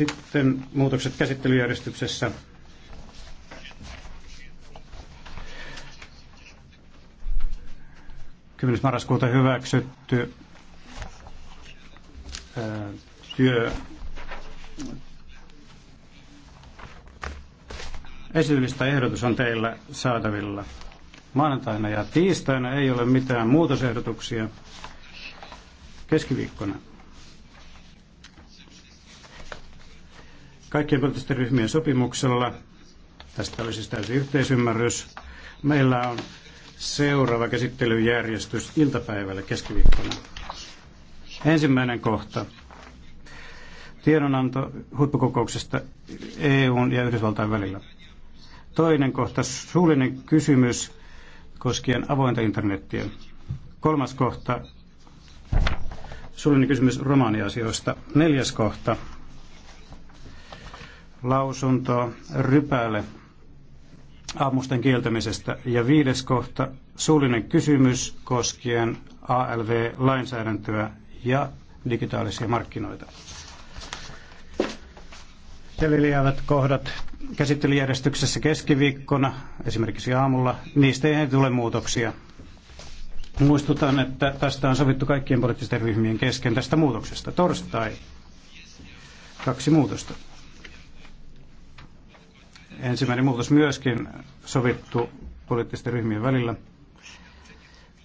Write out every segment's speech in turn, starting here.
Sitten muutokset käsittelyjärjestyksessä. Kymmenes marraskuuta hyväksytty ää, työ Esityllistä ehdotus on teillä saatavilla. Maanantaina ja tiistaina ei ole mitään muutosehdotuksia. Keskiviikkona kaikkien poliittisten ryhmien sopimuksella. Tästä oli siis täysi yhteisymmärrys. Meillä on seuraava käsittelyjärjestys iltapäivällä keskiviikkona. Ensimmäinen kohta. Tiedonanto huippukokouksesta EUn ja Yhdysvaltain välillä. Toinen kohta, suullinen kysymys koskien avointa internettiä. Kolmas kohta, suullinen kysymys romaaniasioista. Neljäs kohta, lausuntoa rypäle ammusten kieltämisestä. Ja viides kohta, suullinen kysymys koskien ALV-lainsäädäntöä ja digitaalisia markkinoita. Jäljelijäävät kohdat käsittelyjärjestyksessä keskiviikkona, esimerkiksi aamulla, niistä ei tule muutoksia. Muistutan, että tästä on sovittu kaikkien poliittisten ryhmien kesken tästä muutoksesta. Torstai kaksi muutosta ensimmäinen muutos myöskin sovittu poliittisten ryhmien välillä.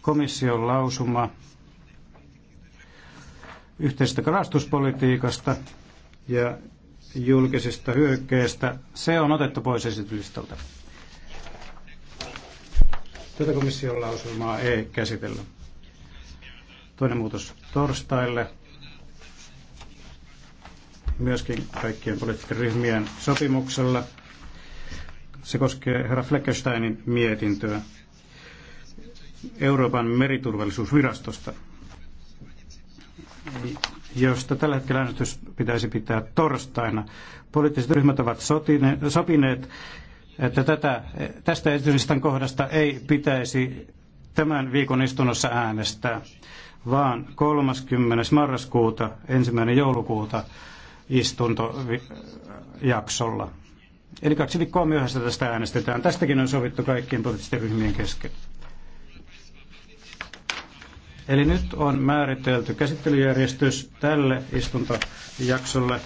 Komission lausuma yhteisestä kalastuspolitiikasta ja julkisista hyökkeistä, se on otettu pois esityslistalta. Tätä komission lausumaa ei käsitellä. Toinen muutos torstaille. Myöskin kaikkien poliittisten ryhmien sopimuksella. Se koskee herra Fleckensteinin mietintöä Euroopan meriturvallisuusvirastosta, josta tällä hetkellä äänestys pitäisi pitää torstaina. Poliittiset ryhmät ovat sotine, sopineet, että tätä, tästä esityslistan kohdasta ei pitäisi tämän viikon istunnossa äänestää, vaan 30. marraskuuta, ensimmäinen joulukuuta istuntojaksolla. Eli kaksi viikkoa myöhässä tästä äänestetään. Tästäkin on sovittu kaikkien poliittisten ryhmien kesken. Eli nyt on määritelty käsittelyjärjestys tälle istuntojaksolle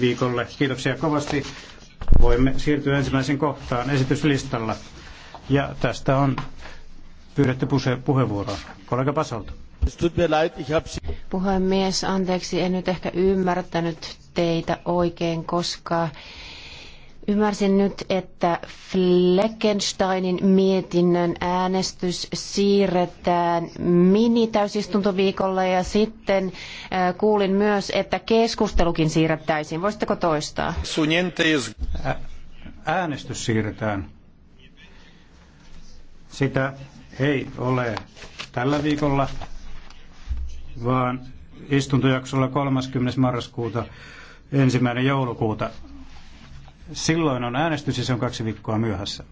viikolle. Kiitoksia kovasti. Voimme siirtyä ensimmäisen kohtaan esityslistalla. Ja tästä on pyydetty puheenvuoroa. Kollega Pasolta. Puhemies, anteeksi, en nyt ehkä ymmärtänyt teitä oikein, koska Ymmärsin nyt, että Fleckensteinin mietinnön äänestys siirretään mini-täysistuntoviikolle ja sitten kuulin myös, että keskustelukin siirrettäisiin. Voisitteko toistaa? Äänestys siirretään. Sitä ei ole tällä viikolla, vaan istuntojaksolla 30. marraskuuta ensimmäinen joulukuuta Silloin on äänestys ja se on kaksi viikkoa myöhässä.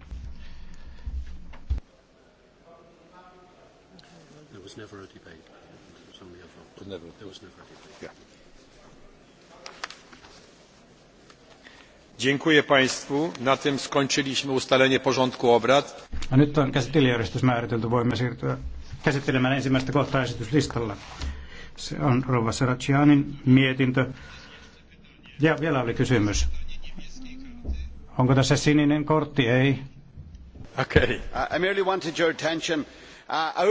Dziękuję Państwu. Na tym skończyliśmy ustalenie porządku obrad. A nyt on käsittelijärjestys määritelty. Voimme siirtyä käsittelemään ensimmäistä kohtaa esityslistalla. Se on Rova Saracianin mietintö. Ja vielä oli kysymys. Onko tässä sininen kortti? Ei. Okei. Okay. Uh, I merely wanted your attention. Uh,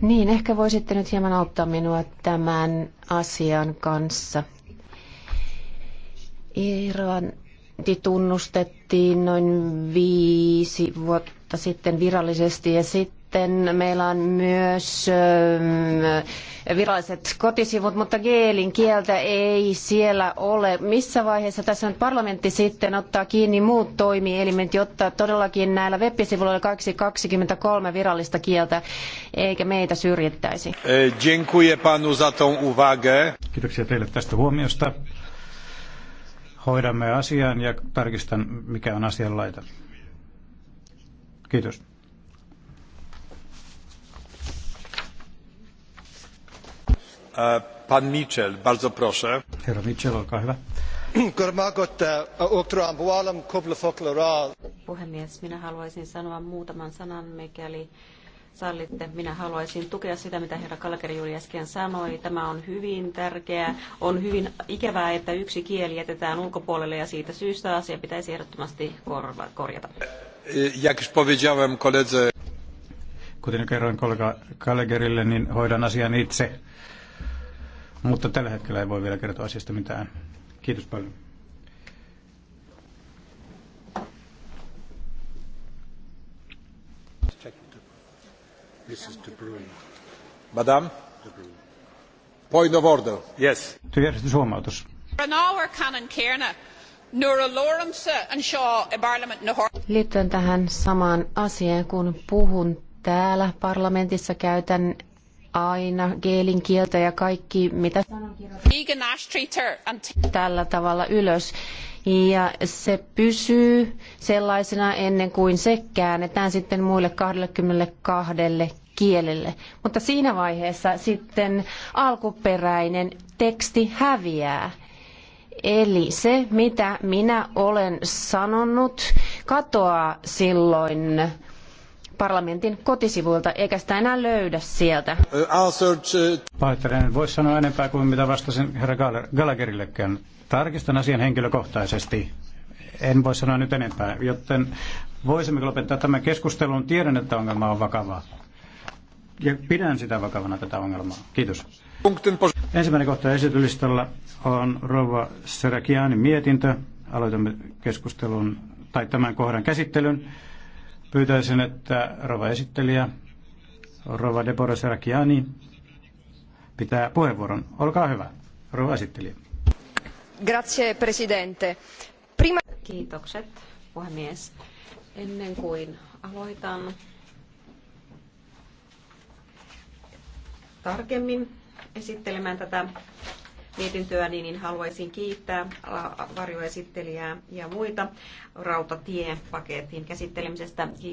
niin, ehkä voisitte nyt hieman auttaa minua tämän asian kanssa. Irlanti tunnustettiin noin viisi vuotta sitten virallisesti ja sitten sitten meillä on myös ähm, viralliset kotisivut, mutta geelin kieltä ei siellä ole. Missä vaiheessa tässä nyt parlamentti sitten ottaa kiinni muut toimielimet, jotta todellakin näillä web-sivuilla oli 223 virallista kieltä, eikä meitä syrjittäisi? E, Kiitoksia teille tästä huomiosta. Hoidamme asian ja tarkistan, mikä on asianlaita. Kiitos. E, pan Mitchell, Herra Mitchell, olkaa hyvä. Puhemies, minä haluaisin sanoa muutaman sanan, mikäli sallitte. Minä haluaisin tukea sitä, mitä herra Kalkeri juuri äsken sanoi. Tämä on hyvin tärkeää. On hyvin ikävää, että yksi kieli jätetään ulkopuolelle ja siitä syystä asia pitäisi ehdottomasti korjata. E, jak już powiedziałem koledze... Kuten kerroin kollega Kalgerille, niin hoidan asian itse. Mutta tällä hetkellä ei voi vielä kertoa asiasta mitään. Kiitos paljon. Madame? Point of order. Yes. Työjärjestyshuomautus. Liittyen tähän samaan asiaan, kun puhun täällä parlamentissa, käytän aina geelin kieltä ja kaikki, mitä tällä tavalla ylös. Ja se pysyy sellaisena ennen kuin se käännetään sitten muille 22 kielelle. Mutta siinä vaiheessa sitten alkuperäinen teksti häviää. Eli se, mitä minä olen sanonut, katoaa silloin parlamentin kotisivuilta, eikä sitä enää löydä sieltä. Pahoittelen, en voi sanoa enempää kuin mitä vastasin herra Gallagherillekään. Tarkistan asian henkilökohtaisesti. En voi sanoa nyt enempää, joten voisimmeko lopettaa tämän keskustelun. Tiedän, että ongelma on vakava. Ja pidän sitä vakavana tätä ongelmaa. Kiitos. Ensimmäinen kohta esitylistalla on Rova Serakianin mietintö. Aloitamme keskustelun tai tämän kohdan käsittelyn. Pyytäisin, että rova esittelijä, rova Deborah Serakiani, pitää puheenvuoron. Olkaa hyvä, rova esittelijä. Grazie, presidente. Prima... Kiitokset, puhemies. Ennen kuin aloitan tarkemmin esittelemään tätä mietintöä, niin, niin haluaisin kiittää varjoesittelijää ja muita rautatiepaketin käsittelemisestä. Kiitos.